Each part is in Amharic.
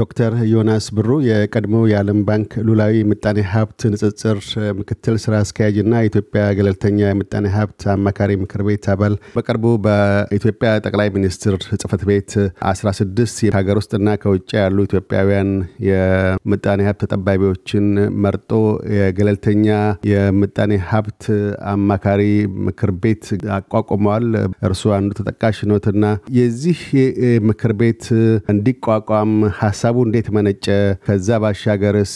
ዶክተር ዮናስ ብሩ የቀድሞ የዓለም ባንክ ሉላዊ ምጣኔ ሀብት ንጽጽር ምክትል ስራ አስኪያጅ እና የኢትዮጵያ ገለልተኛ የምጣኔ ሀብት አማካሪ ምክር ቤት አባል በቅርቡ በኢትዮጵያ ጠቅላይ ሚኒስትር ጽህፈት ቤት 16 የሀገር ውስጥና ከውጭ ያሉ ኢትዮጵያውያን የምጣኔ ሀብት ተጠባቢዎችን መርጦ የገለልተኛ የምጣኔ ሀብት አማካሪ ምክር ቤት አቋቁመዋል። እርሱ አንዱ ተጠቃሽ ኖትና የዚህ ምክር ቤት እንዲቋቋም ሀሳብ ሀሳቡ እንዴት መነጨ? ከዛ ባሻገርስ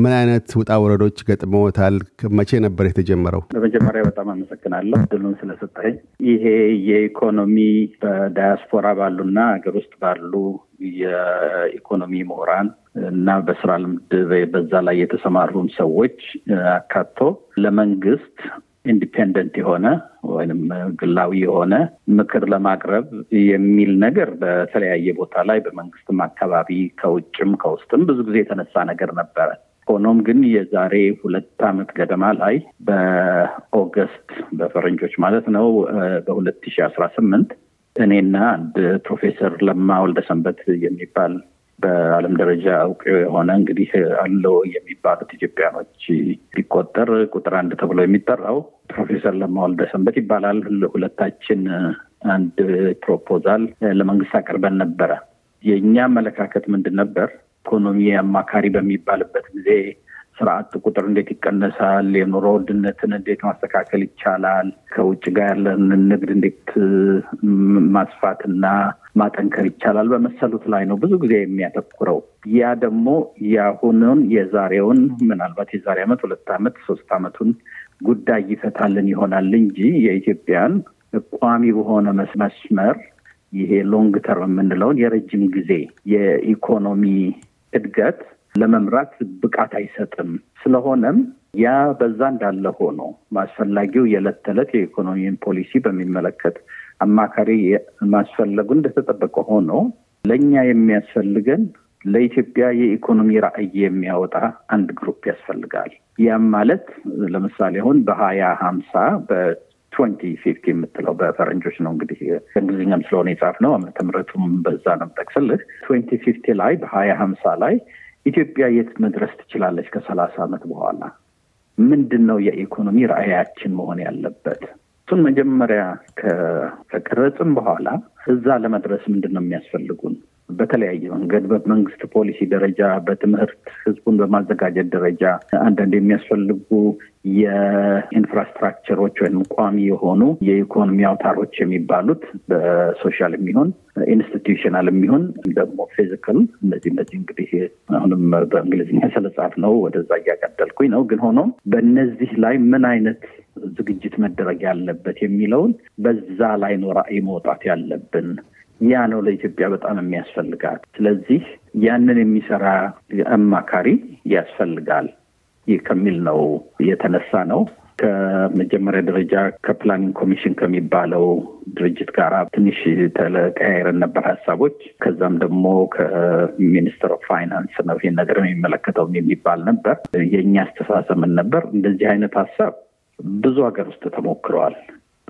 ምን አይነት ውጣ ወረዶች ገጥመውታል መቼ ነበር የተጀመረው? በመጀመሪያ በጣም አመሰግናለሁ ድሉን ስለሰጠኝ። ይሄ የኢኮኖሚ በዳያስፖራ ባሉና ሀገር ውስጥ ባሉ የኢኮኖሚ ምሁራን እና በስራ ልምድ በዛ ላይ የተሰማሩን ሰዎች አካቶ ለመንግስት ኢንዲፔንደንት የሆነ ወይም ግላዊ የሆነ ምክር ለማቅረብ የሚል ነገር በተለያየ ቦታ ላይ በመንግስትም አካባቢ ከውጭም ከውስጥም ብዙ ጊዜ የተነሳ ነገር ነበረ። ሆኖም ግን የዛሬ ሁለት ዓመት ገደማ ላይ በኦገስት በፈረንጆች ማለት ነው በሁለት ሺህ አስራ ስምንት እኔና አንድ ፕሮፌሰር ለማ ወልደሰንበት የሚባል በዓለም ደረጃ እውቅ የሆነ እንግዲህ አለው የሚባሉት ኢትዮጵያኖች ሲቆጠር ቁጥር አንድ ተብሎ የሚጠራው ፕሮፌሰር ለማ ሰንበት ይባላል። ሁለታችን አንድ ፕሮፖዛል ለመንግስት አቅርበን ነበረ። የእኛ አመለካከት ምንድን ነበር? ኢኮኖሚ አማካሪ በሚባልበት ጊዜ ስርዓት ቁጥር እንዴት ይቀነሳል? የኑሮ ውድነትን እንዴት ማስተካከል ይቻላል? ከውጭ ጋር ያለን ንግድ እንዴት ማስፋትና ማጠንከር ይቻላል? በመሰሉት ላይ ነው ብዙ ጊዜ የሚያተኩረው። ያ ደግሞ የአሁኑን የዛሬውን ምናልባት የዛሬ ዓመት ሁለት ዓመት ሶስት ዓመቱን ጉዳይ ይፈታልን ይሆናል እንጂ የኢትዮጵያን ቋሚ በሆነ መስመር ይሄ ሎንግ ተርም የምንለውን የረጅም ጊዜ የኢኮኖሚ እድገት ለመምራት ብቃት አይሰጥም። ስለሆነም ያ በዛ እንዳለ ሆኖ ማስፈላጊው የዕለት ተዕለት የኢኮኖሚን ፖሊሲ በሚመለከት አማካሪ ማስፈለጉ እንደተጠበቀ ሆኖ ለእኛ የሚያስፈልገን ለኢትዮጵያ የኢኮኖሚ ራዕይ የሚያወጣ አንድ ግሩፕ ያስፈልጋል። ያም ማለት ለምሳሌ አሁን በሀያ ሀምሳ በትወንቲ ፊፍቲ የምትለው በፈረንጆች ነው እንግዲህ በእንግሊዝኛም ስለሆነ ነው ዓመተ ምሕረቱም በዛ ነው የምጠቅስልህ። ትወንቲ ፊፍቲ ላይ በሀያ ሀምሳ ላይ ኢትዮጵያ የት መድረስ ትችላለች? ከሰላሳ ዓመት በኋላ ምንድን ነው የኢኮኖሚ ራዕያችን መሆን ያለበት? እሱን መጀመሪያ ከተቀረጽም በኋላ እዛ ለመድረስ ምንድን ነው የሚያስፈልጉን በተለያየ መንገድ በመንግስት ፖሊሲ ደረጃ፣ በትምህርት ህዝቡን በማዘጋጀት ደረጃ አንዳንድ የሚያስፈልጉ የኢንፍራስትራክቸሮች ወይም ቋሚ የሆኑ የኢኮኖሚ አውታሮች የሚባሉት በሶሻል የሚሆን ኢንስቲትዩሽናል የሚሆን ደግሞ ፊዚካል እነዚህ እነዚህ እንግዲህ አሁንም በእንግሊዝኛ ስለጻፍ ነው ወደዛ እያቀደልኩኝ ነው። ግን ሆኖም በእነዚህ ላይ ምን አይነት ዝግጅት መደረግ ያለበት የሚለውን በዛ ላይ ኖራ መውጣት ያለብን ያ ነው ለኢትዮጵያ በጣም የሚያስፈልጋት። ስለዚህ ያንን የሚሰራ አማካሪ ያስፈልጋል ከሚል ነው የተነሳ ነው። ከመጀመሪያ ደረጃ ከፕላኒንግ ኮሚሽን ከሚባለው ድርጅት ጋር ትንሽ ተለቀያየረን ነበር ሀሳቦች። ከዛም ደግሞ ከሚኒስትር ኦፍ ፋይናንስ ነው ይህን ነገር የሚመለከተውም የሚባል ነበር። የእኛ አስተሳሰምን ነበር። እንደዚህ አይነት ሀሳብ ብዙ ሀገር ውስጥ ተሞክረዋል።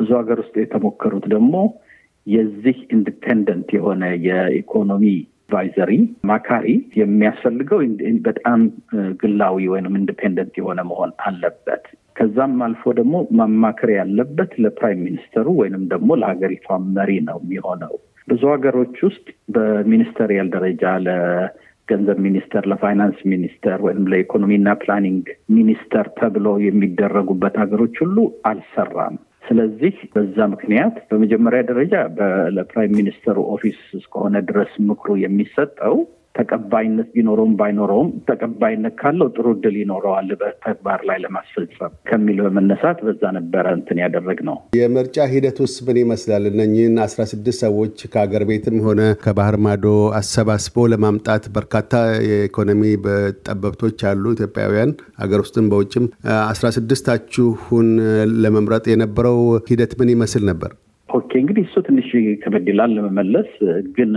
ብዙ ሀገር ውስጥ የተሞከሩት ደግሞ የዚህ ኢንዲፔንደንት የሆነ የኢኮኖሚ አድቫይዘሪ ማካሪ የሚያስፈልገው በጣም ግላዊ ወይም ኢንዲፔንደንት የሆነ መሆን አለበት። ከዛም አልፎ ደግሞ ማማከር ያለበት ለፕራይም ሚኒስተሩ ወይንም ደግሞ ለሀገሪቷ መሪ ነው የሚሆነው። ብዙ ሀገሮች ውስጥ በሚኒስተሪያል ደረጃ ለገንዘብ ሚኒስተር፣ ለፋይናንስ ሚኒስተር ወይም ለኢኮኖሚና ፕላኒንግ ሚኒስተር ተብሎ የሚደረጉበት ሀገሮች ሁሉ አልሰራም። ስለዚህ በዛ ምክንያት በመጀመሪያ ደረጃ ለፕራይም ሚኒስተሩ ኦፊስ እስከሆነ ድረስ ምክሩ የሚሰጠው ተቀባይነት ቢኖረውም ባይኖረውም ተቀባይነት ካለው ጥሩ እድል ይኖረዋል በተግባር ላይ ለማስፈጸም ከሚል በመነሳት በዛ ነበረ እንትን ያደረግ ነው። የምርጫ ሂደት ውስጥ ምን ይመስላል? እነኝህን አስራ ስድስት ሰዎች ከሀገር ቤትም ሆነ ከባህር ማዶ አሰባስቦ ለማምጣት በርካታ የኢኮኖሚ ጠበብቶች አሉ ኢትዮጵያውያን ሀገር ውስጥም በውጭም። አስራ ስድስታችሁን ለመምረጥ የነበረው ሂደት ምን ይመስል ነበር? ኦኬ እንግዲህ እሱ ትንሽ ከበድ ይላል ለመመለስ ግን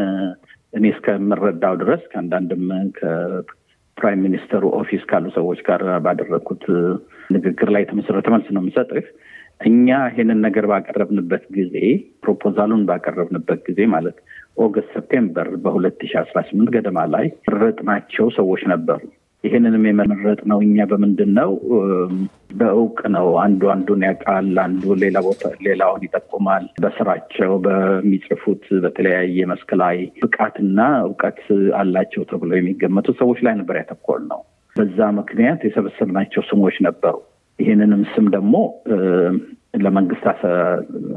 እኔ እስከምረዳው ድረስ ከአንዳንድም ከፕራይም ሚኒስተሩ ኦፊስ ካሉ ሰዎች ጋር ባደረግኩት ንግግር ላይ የተመሰረተ መልስ ነው የምሰጥህ። እኛ ይህንን ነገር ባቀረብንበት ጊዜ ፕሮፖዛሉን ባቀረብንበት ጊዜ ማለት ኦገስት ሰፕቴምበር በሁለት ሺ አስራ ስምንት ገደማ ላይ ረጥናቸው ሰዎች ነበሩ ይህንንም የመመረጥ ነው እኛ በምንድን ነው በእውቅ ነው። አንዱ አንዱን ያውቃል፣ አንዱ ሌላ ቦታ ሌላውን ይጠቁማል። በስራቸው በሚጽፉት በተለያየ መስክ ላይ ብቃትና እውቀት አላቸው ተብሎ የሚገመቱ ሰዎች ላይ ነበር ያተኮር ነው። በዛ ምክንያት የሰበሰብናቸው ስሞች ነበሩ። ይህንንም ስም ደግሞ ለመንግስት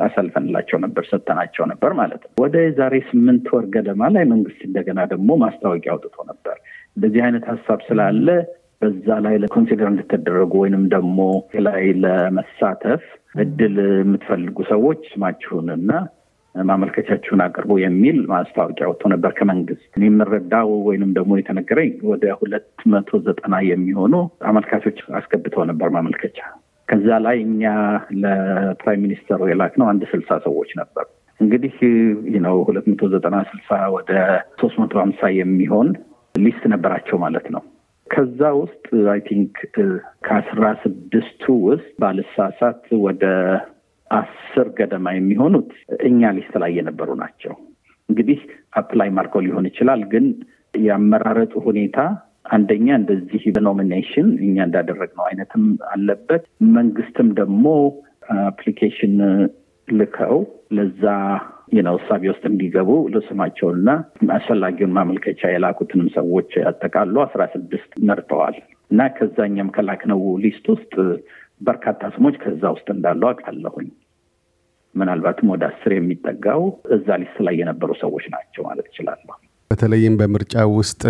አሳልፈንላቸው ነበር፣ ሰጥተናቸው ነበር ማለት ነው። ወደ ዛሬ ስምንት ወር ገደማ ላይ መንግስት እንደገና ደግሞ ማስታወቂያ አውጥቶ ነበር። እንደዚህ አይነት ሀሳብ ስላለ በዛ ላይ ለኮንሲደር እንድትደረጉ ወይንም ደግሞ ላይ ለመሳተፍ እድል የምትፈልጉ ሰዎች ስማችሁንና ማመልከቻችሁን አቅርቡ የሚል ማስታወቂያ ወጥቶ ነበር ከመንግስት። እኔ የምረዳው ወይንም ደግሞ የተነገረኝ ወደ ሁለት መቶ ዘጠና የሚሆኑ አመልካቾች አስገብተው ነበር ማመልከቻ። ከዛ ላይ እኛ ለፕራይም ሚኒስተሩ የላክነው አንድ ስልሳ ሰዎች ነበር። እንግዲህ ነው ሁለት መቶ ዘጠና ስልሳ ወደ ሶስት መቶ ሀምሳ የሚሆን ሊስት ነበራቸው ማለት ነው። ከዛ ውስጥ አይ ቲንክ ከአስራ ስድስቱ ውስጥ ባልሳሳት ወደ አስር ገደማ የሚሆኑት እኛ ሊስት ላይ የነበሩ ናቸው። እንግዲህ አፕላይ ማርኮ ሊሆን ይችላል፣ ግን የአመራረጡ ሁኔታ አንደኛ እንደዚህ በኖሚኔሽን እኛ እንዳደረግነው አይነትም አለበት። መንግስትም ደግሞ አፕሊኬሽን ልከው ለዛ ነው እሳቤ ውስጥ እንዲገቡ ለስማቸውና አስፈላጊውን ማመልከቻ የላኩትንም ሰዎች ያጠቃሉ አስራ ስድስት መርጠዋል እና ከዛኛም ከላክነው ሊስት ውስጥ በርካታ ስሞች ከዛ ውስጥ እንዳሉ አውቃለሁኝ። ምናልባትም ወደ አስር የሚጠጋው እዛ ሊስት ላይ የነበሩ ሰዎች ናቸው ማለት ይችላለሁ። በተለይም በምርጫ ውስጥ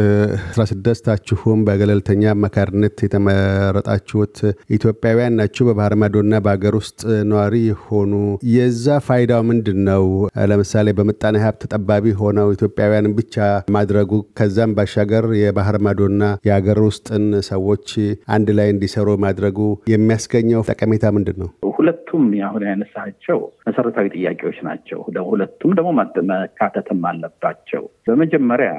አስራ ስድስታችሁም በገለልተኛ አማካሪነት የተመረጣችሁት ኢትዮጵያውያን ናችሁ፣ በባህር ማዶና በሀገር ውስጥ ነዋሪ የሆኑ የዛ ፋይዳው ምንድን ነው? ለምሳሌ በምጣኔ ሀብት ጠባቢ ሆነው ኢትዮጵያውያን ብቻ ማድረጉ ከዛም ባሻገር የባህር ማዶና የሀገር ውስጥን ሰዎች አንድ ላይ እንዲሰሩ ማድረጉ የሚያስገኘው ጠቀሜታ ምንድን ነው? ሁለቱም አሁን ያነሳቸው መሰረታዊ ጥያቄዎች ናቸው። ሁለቱም ደግሞ መካተትም አለባቸው። በመጀመሪያ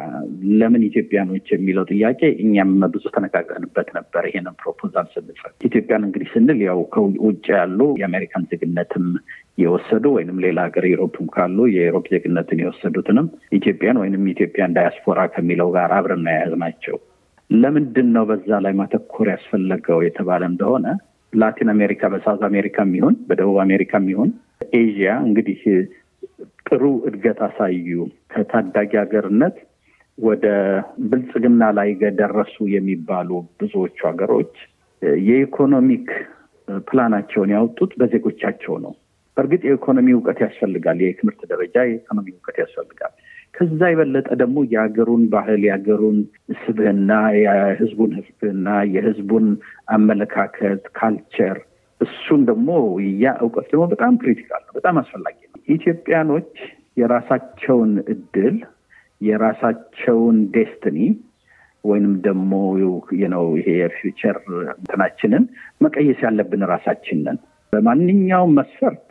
ለምን ኢትዮጵያኖች የሚለው ጥያቄ እኛም ብዙ ተነጋግረንበት ነበር። ይሄንን ፕሮፖዛል ስንጽፍ ኢትዮጵያን እንግዲህ ስንል ያው ከውጭ ያሉ የአሜሪካን ዜግነትም የወሰዱ ወይንም ሌላ ሀገር ዩሮፕም ካሉ የዩሮፕ ዜግነትን የወሰዱትንም ኢትዮጵያን ወይንም ኢትዮጵያን ዳያስፖራ ከሚለው ጋር አብረን ያያዝ ናቸው። ለምንድን ነው በዛ ላይ ማተኮር ያስፈለገው የተባለ እንደሆነ ላቲን አሜሪካ በሳውዝ አሜሪካ የሚሆን በደቡብ አሜሪካ የሚሆን ኤዥያ እንግዲህ ጥሩ እድገት አሳዩ። ከታዳጊ ሀገርነት ወደ ብልጽግና ላይ ደረሱ የሚባሉ ብዙዎቹ ሀገሮች የኢኮኖሚክ ፕላናቸውን ያወጡት በዜጎቻቸው ነው። በእርግጥ የኢኮኖሚ እውቀት ያስፈልጋል። የትምህርት ደረጃ የኢኮኖሚ እውቀት ያስፈልጋል። ከዛ የበለጠ ደግሞ የሀገሩን ባህል የሀገሩን ስብህና የህዝቡን ህዝብና የህዝቡን አመለካከት ካልቸር እሱን ደግሞ ያ እውቀት ደግሞ በጣም ክሪቲካል ነው፣ በጣም አስፈላጊ ነው። ኢትዮጵያኖች የራሳቸውን እድል የራሳቸውን ዴስትኒ ወይንም ደግሞ ነው ይሄ የፊውቸር እንትናችንን መቀየስ ያለብን ራሳችንን በማንኛውም መስፈርት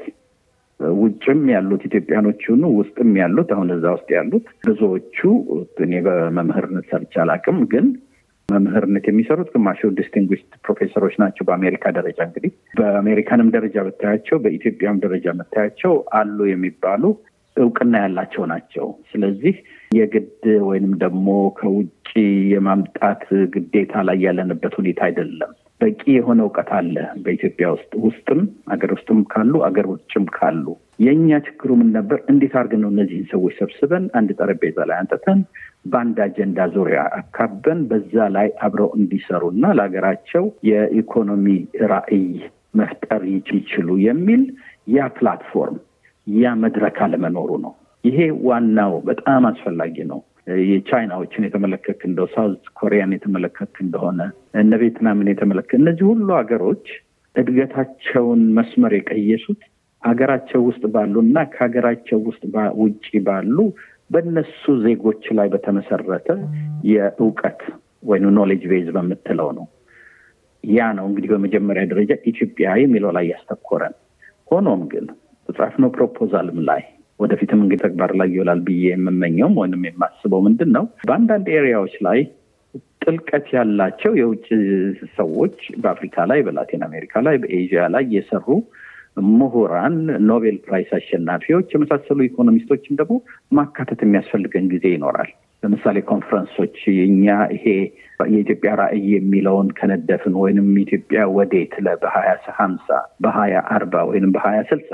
ውጭም ያሉት ኢትዮጵያኖች ይሁኑ ውስጥም ያሉት አሁን እዛ ውስጥ ያሉት ብዙዎቹ እኔ በመምህርነት ሰርቼ አላውቅም፣ ግን መምህርነት የሚሰሩት ግማሹ ዲስቲንጉሽድ ፕሮፌሰሮች ናቸው። በአሜሪካ ደረጃ እንግዲህ በአሜሪካንም ደረጃ ብታያቸው፣ በኢትዮጵያም ደረጃ ብታያቸው አሉ የሚባሉ እውቅና ያላቸው ናቸው። ስለዚህ የግድ ወይንም ደግሞ ከውጭ የማምጣት ግዴታ ላይ ያለንበት ሁኔታ አይደለም። በቂ የሆነ እውቀት አለ በኢትዮጵያ ውስጥ ውስጥም አገር ውስጥም ካሉ አገር ውጭም ካሉ። የእኛ ችግሩ ምን ነበር? እንዴት አድርገን ነው እነዚህን ሰዎች ሰብስበን አንድ ጠረጴዛ ላይ አንጥተን በአንድ አጀንዳ ዙሪያ አካበን በዛ ላይ አብረው እንዲሰሩ እና ለሀገራቸው የኢኮኖሚ ራዕይ መፍጠር ይችሉ የሚል ያ ፕላትፎርም ያ መድረክ አለመኖሩ ነው። ይሄ ዋናው በጣም አስፈላጊ ነው። የቻይናዎችን የተመለከክ እንደው ሳውዝ ኮሪያን የተመለከክ እንደሆነ እነ ቬትናምን የተመለከ እነዚህ ሁሉ ሀገሮች እድገታቸውን መስመር የቀየሱት ሀገራቸው ውስጥ ባሉ እና ከሀገራቸው ውስጥ ውጭ ባሉ በነሱ ዜጎች ላይ በተመሰረተ የእውቀት ወይም ኖሌጅ ቤዝ በምትለው ነው። ያ ነው እንግዲህ በመጀመሪያ ደረጃ ኢትዮጵያ የሚለው ላይ ያስተኮረን። ሆኖም ግን በጻፍነው ፕሮፖዛልም ላይ ወደፊትም እንግዲህ ተግባር ላይ ይውላል ብዬ የምመኘውም ወይም የማስበው ምንድን ነው በአንዳንድ ኤሪያዎች ላይ ጥልቀት ያላቸው የውጭ ሰዎች በአፍሪካ ላይ፣ በላቲን አሜሪካ ላይ፣ በኤዥያ ላይ የሰሩ ምሁራን፣ ኖቤል ፕራይስ አሸናፊዎች የመሳሰሉ ኢኮኖሚስቶችን ደግሞ ማካተት የሚያስፈልገን ጊዜ ይኖራል። ለምሳሌ ኮንፈረንሶች እኛ ይሄ የኢትዮጵያ ራዕይ የሚለውን ከነደፍን ወይንም ኢትዮጵያ ወዴት ለበሀያ ሀምሳ በሀያ አርባ ወይንም በሀያ ስልሳ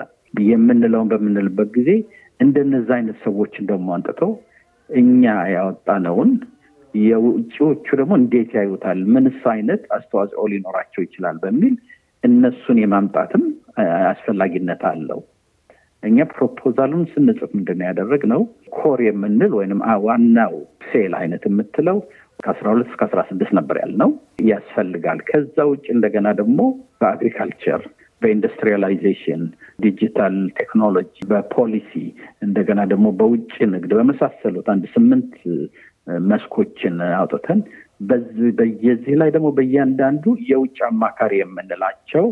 የምንለውን በምንልበት ጊዜ እንደነዛ አይነት ሰዎችን ደግሞ አንጥተው እኛ ያወጣነውን የውጭዎቹ ደግሞ እንዴት ያዩታል፣ ምንስ አይነት አስተዋጽኦ ሊኖራቸው ይችላል በሚል እነሱን የማምጣትም አስፈላጊነት አለው። እኛ ፕሮፖዛሉን ስንጽፍ ያደረግ ያደረግነው? ኮር የምንል ወይም ዋናው ሴል አይነት የምትለው ከአስራ ሁለት እስከ አስራ ስድስት ነበር ያልነው ያስፈልጋል። ከዛ ውጭ እንደገና ደግሞ በአግሪካልቸር በኢንዱስትሪያላይዜሽን፣ ዲጂታል ቴክኖሎጂ፣ በፖሊሲ እንደገና ደግሞ በውጭ ንግድ በመሳሰሉት አንድ ስምንት መስኮችን አውጥተን በየዚህ ላይ ደግሞ በእያንዳንዱ የውጭ አማካሪ የምንላቸው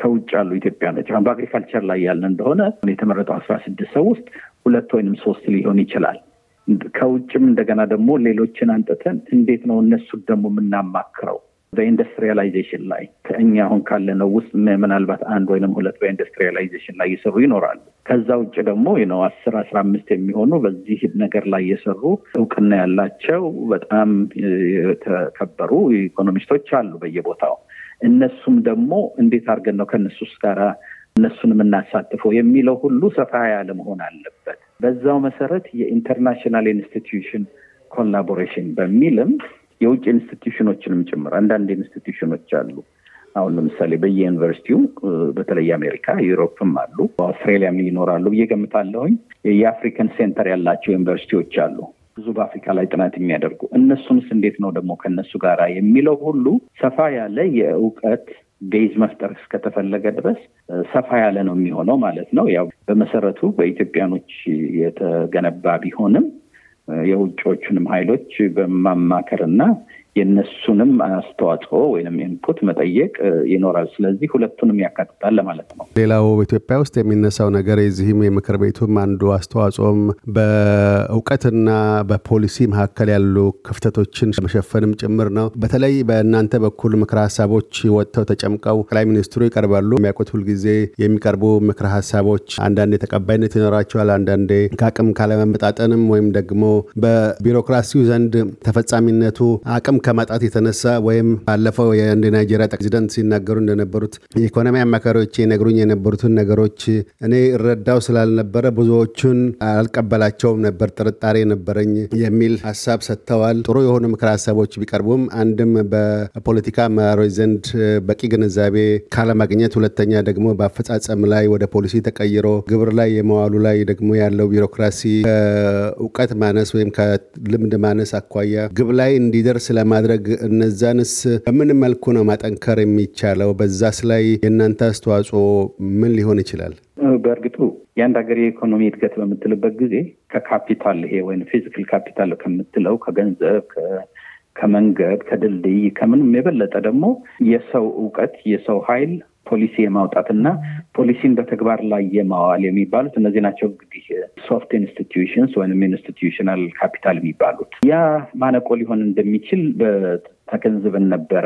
ከውጭ ያሉ ኢትዮጵያኖች አሁን በአግሪካልቸር ላይ ያለ እንደሆነ የተመረጠው አስራ ስድስት ሰው ውስጥ ሁለት ወይንም ሶስት ሊሆን ይችላል። ከውጭም እንደገና ደግሞ ሌሎችን አንጥተን እንዴት ነው እነሱን ደግሞ የምናማክረው በኢንዱስትሪያላይዜሽን ላይ ከእኛ አሁን ካለነው ውስጥ ምናልባት አንድ ወይንም ሁለት በኢንዱስትሪያላይዜሽን ላይ እየሰሩ ይኖራሉ። ከዛ ውጭ ደግሞ ነው አስር አስራ አምስት የሚሆኑ በዚህ ነገር ላይ የሰሩ እውቅና ያላቸው በጣም የተከበሩ ኢኮኖሚስቶች አሉ በየቦታው። እነሱም ደግሞ እንዴት አድርገን ነው ከእነሱስ ጋራ እነሱን የምናሳትፈው የሚለው ሁሉ ሰፋ ያለ መሆን አለበት። በዛው መሰረት የኢንተርናሽናል ኢንስቲትዩሽን ኮላቦሬሽን በሚልም የውጭ ኢንስቲትዩሽኖችንም ጭምር አንዳንድ ኢንስቲትዩሽኖች አሉ። አሁን ለምሳሌ በየዩኒቨርሲቲው በተለይ አሜሪካ፣ ዩሮፕም አሉ፣ አውስትሬሊያም ይኖራሉ ብዬ ገምታለሁኝ። የአፍሪካን ሴንተር ያላቸው ዩኒቨርሲቲዎች አሉ ብዙ በአፍሪካ ላይ ጥናት የሚያደርጉ እነሱንስ እንዴት ነው ደግሞ ከነሱ ጋር የሚለው ሁሉ ሰፋ ያለ የእውቀት ቤዝ መፍጠር እስከተፈለገ ድረስ ሰፋ ያለ ነው የሚሆነው ማለት ነው። ያው በመሰረቱ በኢትዮጵያኖች የተገነባ ቢሆንም የውጮቹንም ኃይሎች በማማከርና የነሱንም አስተዋጽኦ ወይም ኢንፑት መጠየቅ ይኖራል። ስለዚህ ሁለቱንም ያካትታል ለማለት ነው። ሌላው በኢትዮጵያ ውስጥ የሚነሳው ነገር የዚህም የምክር ቤቱም አንዱ አስተዋጽኦም በእውቀትና በፖሊሲ መካከል ያሉ ክፍተቶችን መሸፈንም ጭምር ነው። በተለይ በእናንተ በኩል ምክረ ሀሳቦች ወጥተው ተጨምቀው ጠቅላይ ሚኒስትሩ ይቀርባሉ። የሚያውቁት ሁልጊዜ የሚቀርቡ ምክረ ሀሳቦች አንዳንዴ ተቀባይነት ይኖራቸዋል፣ አንዳንዴ ከአቅም ካለመመጣጠንም ወይም ደግሞ በቢሮክራሲው ዘንድ ተፈጻሚነቱ አቅም ከማጣት የተነሳ ወይም ባለፈው የአንድ ናይጄሪያ ፕሬዚደንት ሲናገሩ እንደነበሩት የኢኮኖሚ አማካሪዎች ይነግሩኝ የነበሩትን ነገሮች እኔ እረዳው ስላልነበረ ብዙዎቹን አልቀበላቸውም ነበር፣ ጥርጣሬ ነበረኝ የሚል ሀሳብ ሰጥተዋል። ጥሩ የሆኑ ምክር ሀሳቦች ቢቀርቡም አንድም በፖለቲካ አመራሮች ዘንድ በቂ ግንዛቤ ካለማግኘት፣ ሁለተኛ ደግሞ በአፈጻጸም ላይ ወደ ፖሊሲ ተቀይሮ ግብር ላይ የመዋሉ ላይ ደግሞ ያለው ቢሮክራሲ ከእውቀት ማነስ ወይም ከልምድ ማነስ አኳያ ግብ ላይ እንዲደርስ ለማ ማድረግ እነዛንስ በምን መልኩ ነው ማጠንከር የሚቻለው? በዛስ ላይ የእናንተ አስተዋጽኦ ምን ሊሆን ይችላል? በእርግጡ የአንድ ሀገር የኢኮኖሚ እድገት በምትልበት ጊዜ ከካፒታል ይሄ ወይም ፊዚካል ካፒታል ከምትለው ከገንዘብ ከመንገድ ከድልድይ ከምንም የበለጠ ደግሞ የሰው እውቀት የሰው ኃይል ፖሊሲ የማውጣት እና ፖሊሲን በተግባር ላይ የማዋል የሚባሉት እነዚህ ናቸው። እንግዲህ ሶፍት ኢንስቲትዩሽንስ ወይም ኢንስቲትዩሽናል ካፒታል የሚባሉት ያ ማነቆ ሊሆን እንደሚችል ተገንዝበን ነበረ።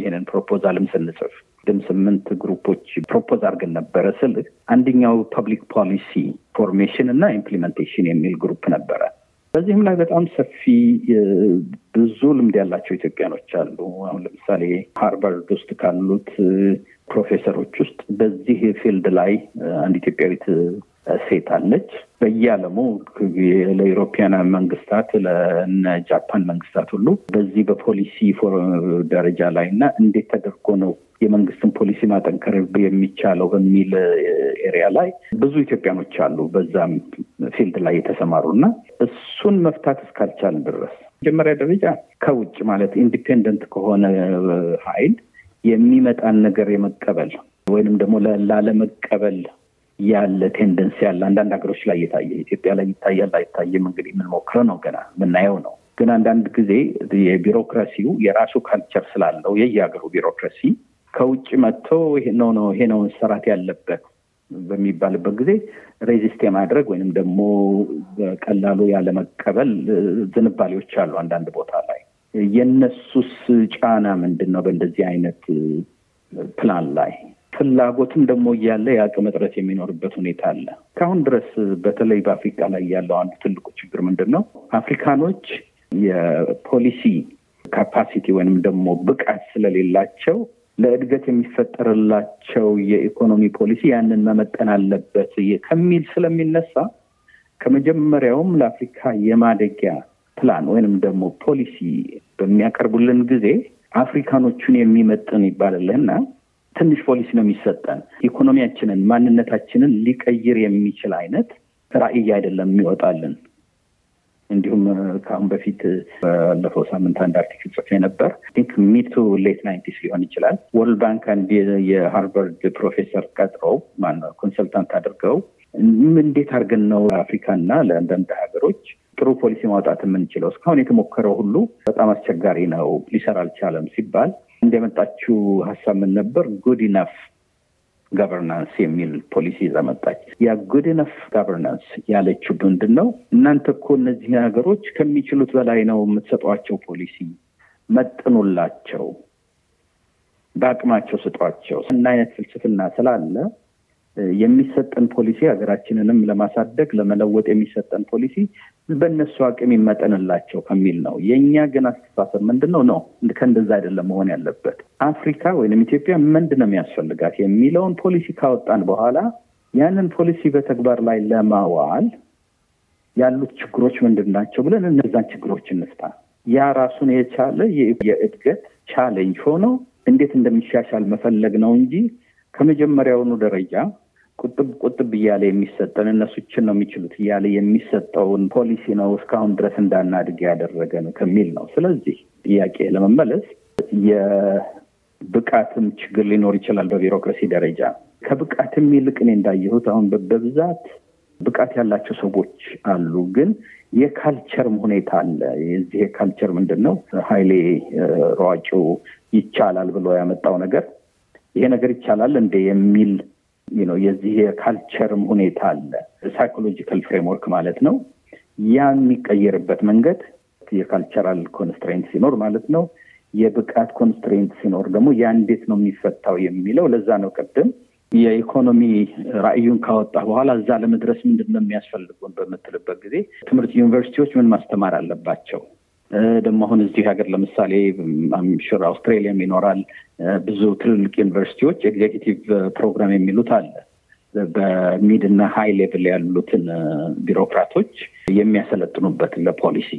ይህንን ፕሮፖዛልም ስንጽፍ ድም ስምንት ግሩፖች ፕሮፖዝ አድርገን ነበረ ስል አንደኛው ፐብሊክ ፖሊሲ ፎርሜሽን እና ኢምፕሊመንቴሽን የሚል ግሩፕ ነበረ። በዚህም ላይ በጣም ሰፊ ብዙ ልምድ ያላቸው ኢትዮጵያኖች አሉ። አሁን ለምሳሌ ሃርቫርድ ውስጥ ካሉት ፕሮፌሰሮች ውስጥ በዚህ ፊልድ ላይ አንድ ኢትዮጵያዊት ሴት አለች። በየዓለሙ ለኢሮፒያን መንግስታት፣ ለጃፓን መንግስታት ሁሉ በዚህ በፖሊሲ ደረጃ ላይ እና እንዴት ተደርጎ ነው የመንግስትን ፖሊሲ ማጠንከር የሚቻለው በሚል ኤሪያ ላይ ብዙ ኢትዮጵያኖች አሉ በዛም ፊልድ ላይ የተሰማሩ እና እሱን መፍታት እስካልቻልን ድረስ መጀመሪያ ደረጃ ከውጭ ማለት ኢንዲፔንደንት ከሆነ ሀይል የሚመጣን ነገር የመቀበል ወይንም ደግሞ ላለመቀበል ያለ ቴንደንስ ያለ አንዳንድ ሀገሮች ላይ የታየ ኢትዮጵያ ላይ ይታያል አይታየም እንግዲህ የምንሞክረ ነው ገና የምናየው ነው። ግን አንዳንድ ጊዜ የቢሮክራሲው የራሱ ካልቸር ስላለው የየሀገሩ ቢሮክራሲ ከውጭ መጥቶ ኖ ነው ይሄ ነው መሰራት ያለበት በሚባልበት ጊዜ ሬዚስት የማድረግ ወይንም ደግሞ በቀላሉ ያለመቀበል ዝንባሌዎች አሉ አንዳንድ ቦታ ላይ። የነሱስ ጫና ምንድን ነው? በእንደዚህ አይነት ፕላን ላይ ፍላጎትም ደግሞ እያለ የአቅም እጥረት የሚኖርበት ሁኔታ አለ። ከአሁን ድረስ በተለይ በአፍሪካ ላይ ያለው አንዱ ትልቁ ችግር ምንድን ነው? አፍሪካኖች የፖሊሲ ካፓሲቲ ወይንም ደግሞ ብቃት ስለሌላቸው ለእድገት የሚፈጠርላቸው የኢኮኖሚ ፖሊሲ ያንን መመጠን አለበት ከሚል ስለሚነሳ ከመጀመሪያውም ለአፍሪካ የማደጊያ ፕላን ወይንም ደግሞ ፖሊሲ በሚያቀርቡልን ጊዜ አፍሪካኖቹን የሚመጥን ይባልልህና ትንሽ ፖሊሲ ነው የሚሰጠን። ኢኮኖሚያችንን፣ ማንነታችንን ሊቀይር የሚችል አይነት ራዕይ አይደለም የሚወጣልን። እንዲሁም ከአሁን በፊት ባለፈው ሳምንት አንድ አርቲክል ጽፌ ነበር። ቲንክ ሚቱ ሌት ናይንቲስ ሊሆን ይችላል። ወርልድ ባንክ አንድ የሃርቨርድ ፕሮፌሰር ቀጥረው ማነው ኮንሰልታንት አድርገው እንዴት አድርገን ነው አፍሪካና ለአንዳንድ ሀገሮች ጥሩ ፖሊሲ ማውጣት የምንችለው እስካሁን የተሞከረው ሁሉ በጣም አስቸጋሪ ነው፣ ሊሰራ አልቻለም ሲባል እንደመጣችው ሀሳብ ምን ነበር ጉድ ኢናፍ ገቨርናንስ የሚል ፖሊሲ ዘመጣች። መጣች። ያ ጉድ ኢነፍ ገቨርናንስ ያለችው ምንድን ነው? እናንተ እኮ እነዚህ ሀገሮች ከሚችሉት በላይ ነው የምትሰጧቸው ፖሊሲ፣ መጥኑላቸው፣ በአቅማቸው ስጧቸው ስና አይነት ፍልስፍና ስላለ የሚሰጠን ፖሊሲ ሀገራችንንም ለማሳደግ ለመለወጥ የሚሰጠን ፖሊሲ በእነሱ አቅም ይመጠንላቸው ከሚል ነው። የእኛ ግን አስተሳሰብ ምንድን ነው ነው ከእንደዛ አይደለም መሆን ያለበት። አፍሪካ ወይም ኢትዮጵያ ምንድን ነው የሚያስፈልጋት የሚለውን ፖሊሲ ካወጣን በኋላ ያንን ፖሊሲ በተግባር ላይ ለማዋል ያሉት ችግሮች ምንድን ናቸው ብለን እነዛን ችግሮች እንፍታ። ያ ራሱን የቻለ የእድገት ቻሌንጅ ሆኖ እንዴት እንደሚሻሻል መፈለግ ነው እንጂ ከመጀመሪያውኑ ደረጃ ቁጥብ ቁጥብ እያለ የሚሰጠን እነሱ ችን ነው የሚችሉት እያለ የሚሰጠውን ፖሊሲ ነው እስካሁን ድረስ እንዳናድግ ያደረገን ከሚል ነው። ስለዚህ ጥያቄ ለመመለስ የብቃትም ችግር ሊኖር ይችላል በቢሮክራሲ ደረጃ። ከብቃትም ይልቅ እኔ እንዳየሁት አሁን በብዛት ብቃት ያላቸው ሰዎች አሉ፣ ግን የካልቸርም ሁኔታ አለ። የዚህ የካልቸር ምንድን ነው? ኃይሌ ሯጩ ይቻላል ብሎ ያመጣው ነገር ይሄ ነገር ይቻላል እንደ የሚል ነው የዚህ የካልቸርም ሁኔታ አለ። ሳይኮሎጂካል ፍሬምወርክ ማለት ነው። ያ የሚቀየርበት መንገድ የካልቸራል ኮንስትሬንት ሲኖር ማለት ነው። የብቃት ኮንስትሬንት ሲኖር ደግሞ ያ እንዴት ነው የሚፈታው የሚለው ለዛ ነው ቅድም የኢኮኖሚ ራዕዩን ካወጣ በኋላ እዛ ለመድረስ ምንድን ነው የሚያስፈልጉን በምትልበት ጊዜ ትምህርት ዩኒቨርሲቲዎች ምን ማስተማር አለባቸው? ደግሞ አሁን እዚህ ሀገር ለምሳሌ አምሹር አውስትሬሊያም ይኖራል ብዙ ትልልቅ ዩኒቨርሲቲዎች ኤግዜኪቲቭ ፕሮግራም የሚሉት አለ በሚድ እና ሀይ ሌቭል ያሉትን ቢሮክራቶች የሚያሰለጥኑበት ለፖሊሲ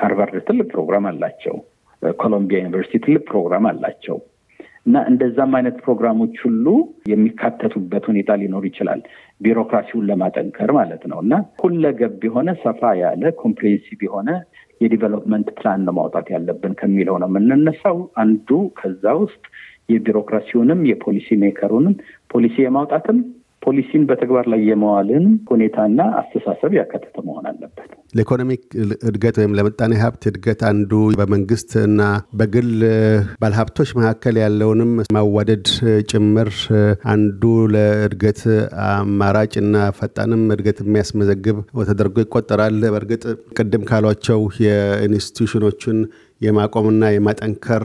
ሃርቫርድ ትልቅ ፕሮግራም አላቸው ኮሎምቢያ ዩኒቨርሲቲ ትልቅ ፕሮግራም አላቸው እና እንደዛም አይነት ፕሮግራሞች ሁሉ የሚካተቱበት ሁኔታ ሊኖር ይችላል ቢሮክራሲውን ለማጠንከር ማለት ነው እና ሁለገብ የሆነ ሰፋ ያለ ኮምፕሬንሲቭ የሆነ የዲቨሎፕመንት ፕላን ነው ማውጣት ያለብን ከሚለው ነው የምንነሳው። አንዱ ከዛ ውስጥ የቢሮክራሲውንም የፖሊሲ ሜከሩንም ፖሊሲ የማውጣትም ፖሊሲን በተግባር ላይ የመዋልን ሁኔታና አስተሳሰብ ያካተተ መሆን አለበት። ለኢኮኖሚክ እድገት ወይም ለምጣኔ ሀብት እድገት አንዱ በመንግስት እና በግል ባለሀብቶች መካከል ያለውንም ማዋደድ ጭምር አንዱ ለእድገት አማራጭ እና ፈጣንም እድገት የሚያስመዘግብ ተደርጎ ይቆጠራል። በእርግጥ ቅድም ካሏቸው የኢንስቲቱሽኖቹን የማቆምና የማጠንከር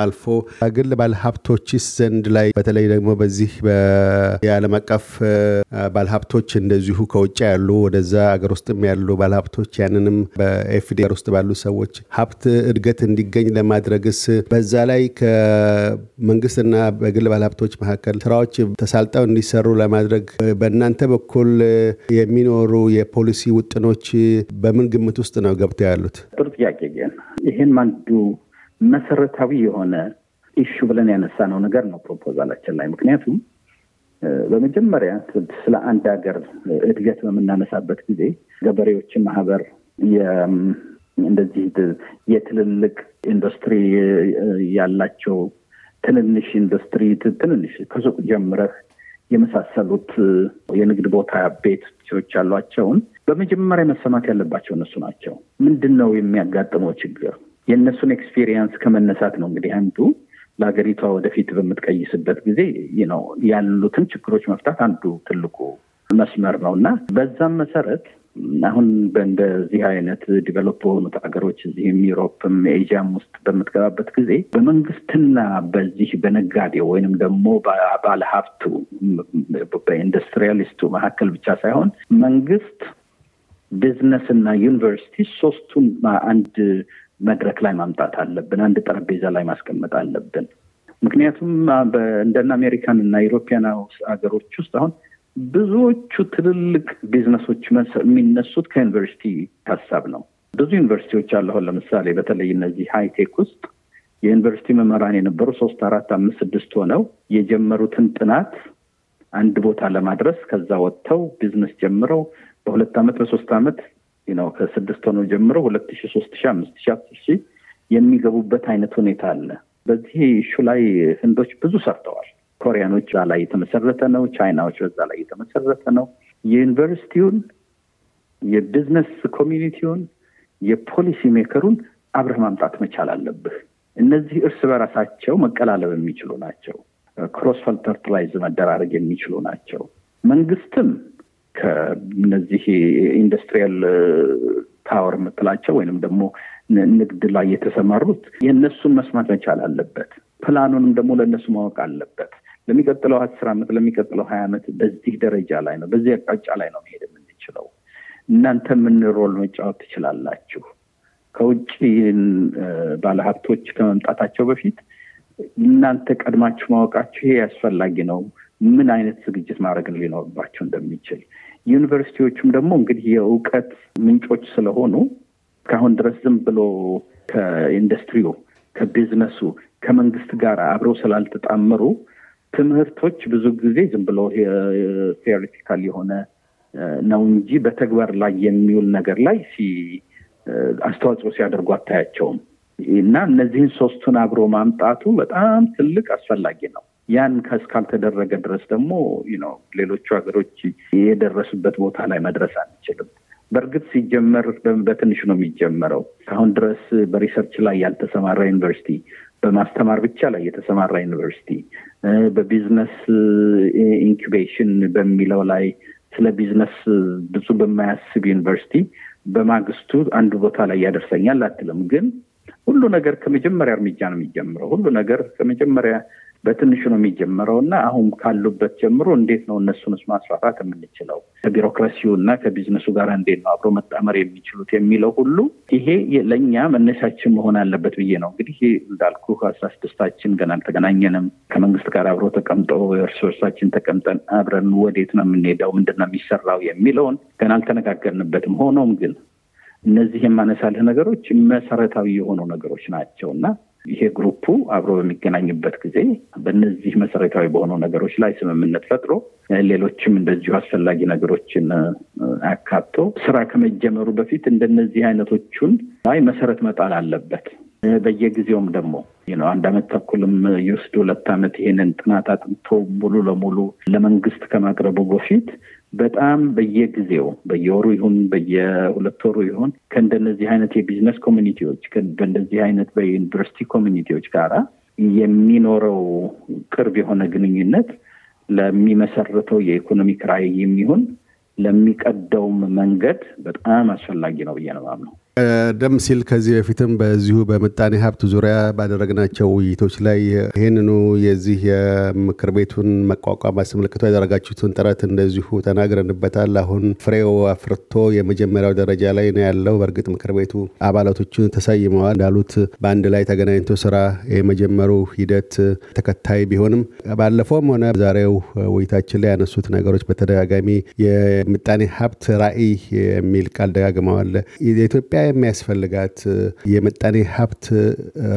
አልፎ ግል ባለሀብቶችስ ዘንድ ላይ በተለይ ደግሞ በዚህ የዓለም አቀፍ ባለሀብቶች እንደዚሁ ከውጭ ያሉ ወደዛ አገር ውስጥም ያሉ ባለሀብቶች ያንንም በኤፍዲ ውስጥ ባሉ ሰዎች ሀብት እድገት እንዲገኝ ለማድረግስ በዛ ላይ ከመንግስትና በግል ባለሀብቶች መካከል ስራዎች ተሳልጠው እንዲሰሩ ለማድረግ በእናንተ በኩል የሚኖሩ የፖሊሲ ውጥኖች በምን ግምት ውስጥ ነው ገብተው ያሉት? ጥሩ ጥያቄ ግን ይህም አንዱ መሰረታዊ የሆነ ኢሹ ብለን ያነሳነው ነገር ነው ፕሮፖዛላችን ላይ። ምክንያቱም በመጀመሪያ ስለ አንድ ሀገር እድገት በምናነሳበት ጊዜ ገበሬዎችን ማህበር እንደዚህ የትልልቅ ኢንዱስትሪ ያላቸው ትንንሽ ኢንዱስትሪ ትንንሽ ከሱቅ ጀምረህ የመሳሰሉት የንግድ ቦታ ቤቶች ያሏቸውን በመጀመሪያ መሰማት ያለባቸው እነሱ ናቸው። ምንድን ነው የሚያጋጥመው ችግር? የእነሱን ኤክስፒሪየንስ ከመነሳት ነው እንግዲህ አንዱ ለሀገሪቷ ወደፊት በምትቀይስበት ጊዜ ነው ያሉትን ችግሮች መፍታት አንዱ ትልቁ መስመር ነው እና በዛም መሰረት አሁን በእንደዚህ አይነት ዲቨሎፕ በሆኑት ሀገሮች እዚህም ዩሮፕም ኤዥያም ውስጥ በምትገባበት ጊዜ በመንግስትና በዚህ በነጋዴው ወይንም ደግሞ ባለሀብቱ በኢንዱስትሪያሊስቱ መካከል ብቻ ሳይሆን መንግስት ቢዝነስ እና ዩኒቨርሲቲ ሶስቱን አንድ መድረክ ላይ ማምጣት አለብን። አንድ ጠረጴዛ ላይ ማስቀመጥ አለብን። ምክንያቱም እንደና አሜሪካን እና ኢሮፒያን ሀገሮች ውስጥ አሁን ብዙዎቹ ትልልቅ ቢዝነሶች የሚነሱት ከዩኒቨርሲቲ ሀሳብ ነው። ብዙ ዩኒቨርሲቲዎች አሉ። አሁን ለምሳሌ በተለይ እነዚህ ሃይቴክ ውስጥ የዩኒቨርሲቲ መምህራን የነበሩ ሶስት፣ አራት፣ አምስት፣ ስድስት ሆነው የጀመሩትን ጥናት አንድ ቦታ ለማድረስ ከዛ ወጥተው ቢዝነስ ጀምረው በሁለት ዓመት በሶስት ዓመት ነው ከስድስት ሆኖ ጀምሮ ሁለት ሺ ሶስት ሺ አምስት ሺ አስር ሺ የሚገቡበት አይነት ሁኔታ አለ። በዚህ እሹ ላይ ህንዶች ብዙ ሰርተዋል። ኮሪያኖች ላይ የተመሰረተ ነው። ቻይናዎች በዛ ላይ የተመሰረተ ነው። የዩኒቨርሲቲውን፣ የቢዝነስ ኮሚኒቲውን፣ የፖሊሲ ሜከሩን አብረህ ማምጣት መቻል አለብህ። እነዚህ እርስ በራሳቸው መቀላለብ የሚችሉ ናቸው። ክሮስ ፈርቲላይዝ መደራረግ የሚችሉ ናቸው። መንግስትም ከእነዚህ ኢንዱስትሪያል ታወር የምትላቸው ወይንም ደግሞ ንግድ ላይ የተሰማሩት የእነሱን መስማት መቻል አለበት። ፕላኑንም ደግሞ ለእነሱ ማወቅ አለበት። ለሚቀጥለው አስር ዓመት ለሚቀጥለው ሀያ ዓመት በዚህ ደረጃ ላይ ነው በዚህ አቅጣጫ ላይ ነው መሄድ የምንችለው። እናንተ ምን ሮል መጫወት ትችላላችሁ? ከውጭ ባለሀብቶች ከመምጣታቸው በፊት እናንተ ቀድማችሁ ማወቃችሁ ይሄ አስፈላጊ ነው። ምን አይነት ዝግጅት ማድረግ ሊኖርባቸው እንደሚችል ዩኒቨርሲቲዎቹም ደግሞ እንግዲህ የእውቀት ምንጮች ስለሆኑ እስካሁን ድረስ ዝም ብሎ ከኢንዱስትሪው ከቢዝነሱ ከመንግስት ጋር አብረው ስላልተጣመሩ ትምህርቶች ብዙ ጊዜ ዝም ብሎ ቴዎሬቲካል የሆነ ነው እንጂ በተግባር ላይ የሚውል ነገር ላይ አስተዋጽኦ ሲያደርጉ አታያቸውም እና እነዚህን ሶስቱን አብሮ ማምጣቱ በጣም ትልቅ አስፈላጊ ነው። ያን እስካልተደረገ ድረስ ደግሞ ነው ሌሎቹ ሀገሮች የደረሱበት ቦታ ላይ መድረስ አንችልም። በእርግጥ ሲጀመር በትንሽ ነው የሚጀመረው። እስካሁን ድረስ በሪሰርች ላይ ያልተሰማራ ዩኒቨርሲቲ፣ በማስተማር ብቻ ላይ የተሰማራ ዩኒቨርሲቲ፣ በቢዝነስ ኢንኩቤሽን በሚለው ላይ ስለ ቢዝነስ ብዙ በማያስብ ዩኒቨርሲቲ በማግስቱ አንዱ ቦታ ላይ ያደርሰኛል አትልም። ግን ሁሉ ነገር ከመጀመሪያ እርምጃ ነው የሚጀምረው። ሁሉ ነገር ከመጀመሪያ በትንሹ ነው የሚጀመረው እና አሁን ካሉበት ጀምሮ እንዴት ነው እነሱንስ ማስፋፋት የምንችለው ከቢሮክራሲው እና ከቢዝነሱ ጋር እንዴት ነው አብሮ መጣመር የሚችሉት የሚለው ሁሉ ይሄ ለእኛ መነሻችን መሆን አለበት ብዬ ነው እንግዲህ እንዳልኩ ከአስራ ስድስታችን ገና አልተገናኘንም ከመንግስት ጋር አብሮ ተቀምጦ እርስ ተቀምጠን አብረን ወዴት ነው የምንሄደው ምንድነው የሚሰራው የሚለውን ገና አልተነጋገርንበትም ሆኖም ግን እነዚህ የማነሳልህ ነገሮች መሰረታዊ የሆኑ ነገሮች ናቸው እና ይሄ ግሩፑ አብሮ በሚገናኝበት ጊዜ በነዚህ መሰረታዊ በሆኑ ነገሮች ላይ ስምምነት ፈጥሮ ሌሎችም እንደዚሁ አስፈላጊ ነገሮችን አካቶ ስራ ከመጀመሩ በፊት እንደነዚህ አይነቶቹን ላይ መሰረት መጣል አለበት። በየጊዜውም ደግሞ አንድ አመት ተኩልም የወስድ ሁለት አመት ይሄንን ጥናት አጥንቶ ሙሉ ለሙሉ ለመንግስት ከማቅረቡ በፊት በጣም በየጊዜው በየወሩ ይሁን በየሁለት ወሩ ይሁን ከእንደነዚህ አይነት የቢዝነስ ኮሚኒቲዎች በእንደዚህ አይነት በዩኒቨርሲቲ ኮሚኒቲዎች ጋራ የሚኖረው ቅርብ የሆነ ግንኙነት ለሚመሰርተው የኢኮኖሚክ ራዕይ የሚሆን ለሚቀደውም መንገድ በጣም አስፈላጊ ነው ብዬ ነው የማምነው። ቀደም ሲል ከዚህ በፊትም በዚሁ በምጣኔ ሀብት ዙሪያ ባደረግናቸው ውይይቶች ላይ ይህንኑ የዚህ የምክር ቤቱን መቋቋም አስመልክቶ ያደረጋችሁትን ጥረት እንደዚሁ ተናግረንበታል። አሁን ፍሬው አፍርቶ የመጀመሪያው ደረጃ ላይ ነው ያለው። በእርግጥ ምክር ቤቱ አባላቶችን ተሰይመዋል። እንዳሉት በአንድ ላይ ተገናኝቶ ስራ የመጀመሩ ሂደት ተከታይ ቢሆንም ባለፈውም ሆነ ዛሬው ውይይታችን ላይ ያነሱት ነገሮች በተደጋጋሚ የምጣኔ ሀብት ራዕይ የሚል ቃል ደጋግመዋል። የኢትዮጵያ የሚያስፈልጋት የምጣኔ ሀብት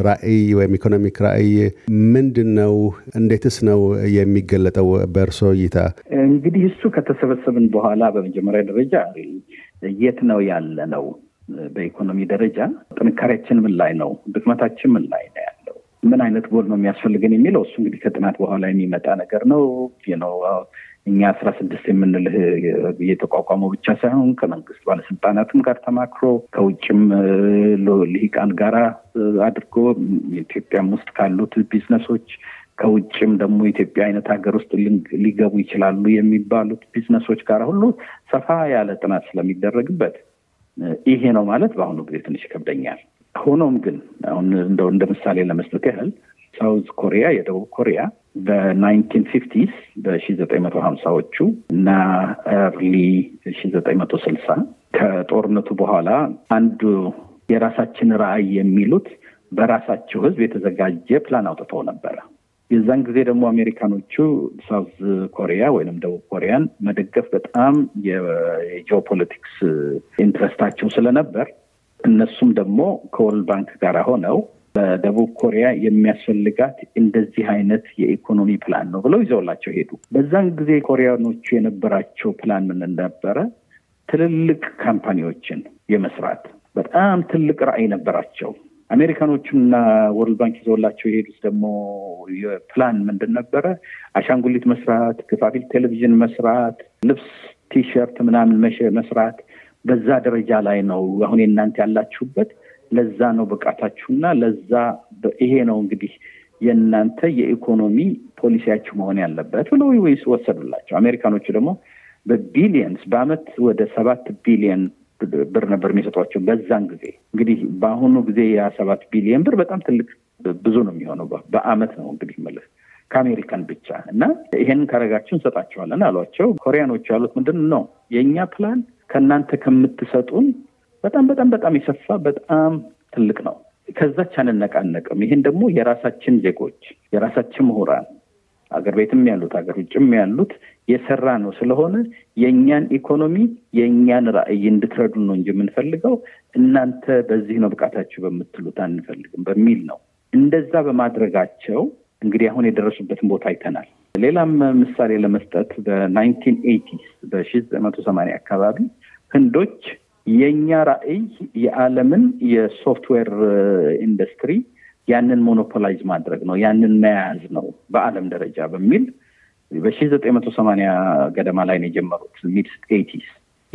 ራዕይ ወይም ኢኮኖሚክ ራዕይ ምንድን ነው? እንዴትስ ነው የሚገለጠው በእርሶ እይታ? እንግዲህ እሱ ከተሰበሰብን በኋላ በመጀመሪያ ደረጃ የት ነው ያለ ነው? በኢኮኖሚ ደረጃ ጥንካሬያችን ምን ላይ ነው? ድክመታችን ምን ላይ ነው ያለው? ምን አይነት ጎል ነው የሚያስፈልገን የሚለው እሱ እንግዲህ ከጥናት በኋላ የሚመጣ ነገር ነው ነው እኛ አስራ ስድስት የምንልህ የተቋቋመው ብቻ ሳይሆን ከመንግስት ባለስልጣናትም ጋር ተማክሮ ከውጭም ልሂቃን ጋራ አድርጎ ኢትዮጵያም ውስጥ ካሉት ቢዝነሶች ከውጭም ደግሞ ኢትዮጵያ አይነት ሀገር ውስጥ ሊገቡ ይችላሉ የሚባሉት ቢዝነሶች ጋር ሁሉ ሰፋ ያለ ጥናት ስለሚደረግበት ይሄ ነው ማለት በአሁኑ ጊዜ ትንሽ ይከብደኛል። ሆኖም ግን አሁን እንደ ምሳሌ ለመስጠት ያህል ሳውዝ ኮሪያ የደቡብ ኮሪያ በናይንቲን ፊፍቲስ በሺ ዘጠኝ መቶ ሀምሳዎቹ እና ኤርሊ ሺ ዘጠኝ መቶ ስልሳ ከጦርነቱ በኋላ አንዱ የራሳችን ራዕይ የሚሉት በራሳቸው ህዝብ የተዘጋጀ ፕላን አውጥተው ነበረ። የዛን ጊዜ ደግሞ አሜሪካኖቹ ሳውዝ ኮሪያ ወይንም ደቡብ ኮሪያን መደገፍ በጣም የጂኦፖለቲክስ ኢንትረስታቸው ስለነበር እነሱም ደግሞ ከወርልድ ባንክ ጋር ሆነው በደቡብ ኮሪያ የሚያስፈልጋት እንደዚህ አይነት የኢኮኖሚ ፕላን ነው ብለው ይዘውላቸው ሄዱ። በዛን ጊዜ ኮሪያኖቹ የነበራቸው ፕላን ምን ነበረ? ትልልቅ ካምፓኒዎችን የመስራት በጣም ትልቅ ራዕይ ነበራቸው። አሜሪካኖቹና ወርልድ ባንክ ይዘውላቸው የሄዱት ደግሞ የፕላን ምንድን ነበረ? አሻንጉሊት መስራት፣ ክፋፊል ቴሌቪዥን መስራት፣ ልብስ ቲሸርት ምናምን መስራት በዛ ደረጃ ላይ ነው አሁን የእናንተ ያላችሁበት ለዛ ነው ብቃታችሁና ለዛ ይሄ ነው እንግዲህ የእናንተ የኢኮኖሚ ፖሊሲያችሁ መሆን ያለበት ብለው ወይስ ወሰዱላቸው። አሜሪካኖቹ ደግሞ በቢሊየንስ በአመት ወደ ሰባት ቢሊየን ብር ነበር የሚሰጧቸው በዛን ጊዜ። እንግዲህ በአሁኑ ጊዜ ያ ሰባት ቢሊየን ብር በጣም ትልቅ ብዙ ነው የሚሆነው በአመት ነው እንግዲህ መለስ ከአሜሪካን ብቻ እና ይሄንን ከረጋችሁ እንሰጣቸዋለን አሏቸው። ኮሪያኖቹ ያሉት ምንድን ነው የእኛ ፕላን ከእናንተ ከምትሰጡን በጣም በጣም በጣም የሰፋ በጣም ትልቅ ነው። ከዛች አንነቃነቅም። ይህን ደግሞ የራሳችን ዜጎች የራሳችን ምሁራን አገር ቤትም ያሉት አገር ውጭም ያሉት የሰራ ነው ስለሆነ የእኛን ኢኮኖሚ የእኛን ራዕይ እንድትረዱ ነው እንጂ የምንፈልገው እናንተ በዚህ ነው ብቃታችሁ በምትሉት አንፈልግም በሚል ነው። እንደዛ በማድረጋቸው እንግዲህ አሁን የደረሱበትን ቦታ አይተናል። ሌላም ምሳሌ ለመስጠት በናይንቲን ኤይቲስ በሺህ ዘጠኝ አካባቢ ህንዶች የእኛ ራዕይ የዓለምን የሶፍትዌር uh, ኢንዱስትሪ ያንን ሞኖፖላይዝ ማድረግ ነው፣ ያንን መያዝ ነው በዓለም ደረጃ በሚል በሺ ዘጠኝ መቶ ሰማኒያ ገደማ ላይ ነው የጀመሩት ሚድ ኤቲስ።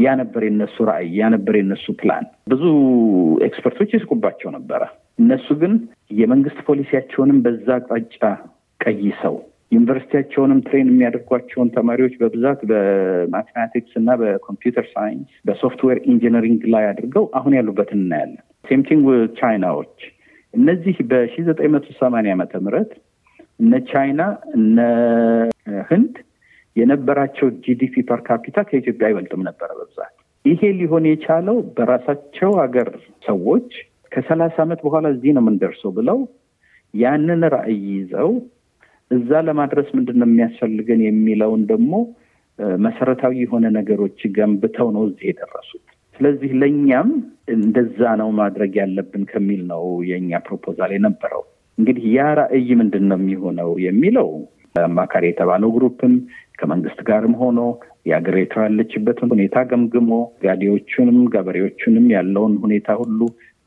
ያ ነበር የነሱ ራዕይ፣ ያ ነበር የነሱ ፕላን። ብዙ ኤክስፐርቶች ይስቁባቸው ነበረ። እነሱ ግን የመንግስት ፖሊሲያቸውንም በዛ አቅጣጫ ቀይሰው ዩኒቨርሲቲያቸውንም ትሬን የሚያደርጓቸውን ተማሪዎች በብዛት በማቴማቲክስ እና በኮምፒውተር ሳይንስ በሶፍትዌር ኢንጂነሪንግ ላይ አድርገው አሁን ያሉበትን እናያለን። ሴምቲንግ ቻይናዎች እነዚህ በሺ ዘጠኝ መቶ ሰማንያ ዓመተ ምህረት እነ ቻይና እነ ህንድ የነበራቸው ጂዲፒ ፐር ካፒታ ከኢትዮጵያ አይበልጥም ነበረ በብዛት። ይሄ ሊሆን የቻለው በራሳቸው ሀገር ሰዎች ከሰላሳ ዓመት በኋላ እዚህ ነው የምንደርሰው ብለው ያንን ራዕይ ይዘው እዛ ለማድረስ ምንድን ነው የሚያስፈልገን የሚለውን ደግሞ መሰረታዊ የሆነ ነገሮች ገንብተው ነው እዚህ የደረሱት። ስለዚህ ለእኛም እንደዛ ነው ማድረግ ያለብን ከሚል ነው የእኛ ፕሮፖዛል የነበረው። እንግዲህ ያ ራዕይ ምንድን ነው የሚሆነው የሚለው አማካሪ የተባለው ግሩፕም ከመንግስት ጋርም ሆኖ የአገሪቱ ያለችበትን ሁኔታ ገምግሞ ጋዴዎቹንም ገበሬዎቹንም ያለውን ሁኔታ ሁሉ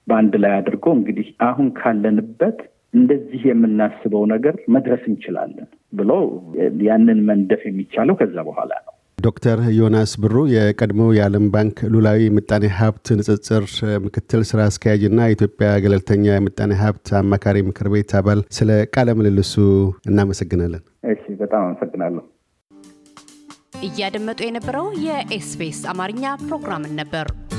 በአንድ ላይ አድርጎ እንግዲህ አሁን ካለንበት እንደዚህ የምናስበው ነገር መድረስ እንችላለን ብሎ ያንን መንደፍ የሚቻለው ከዛ በኋላ ነው። ዶክተር ዮናስ ብሩ የቀድሞ የዓለም ባንክ ሉላዊ ምጣኔ ሀብት ንጽጽር ምክትል ስራ አስኪያጅ እና የኢትዮጵያ ገለልተኛ የምጣኔ ሀብት አማካሪ ምክር ቤት አባል፣ ስለ ቃለ ምልልሱ እናመሰግናለን። እሺ፣ በጣም አመሰግናለሁ። እያደመጡ የነበረው የኤስቢኤስ አማርኛ ፕሮግራምን ነበር።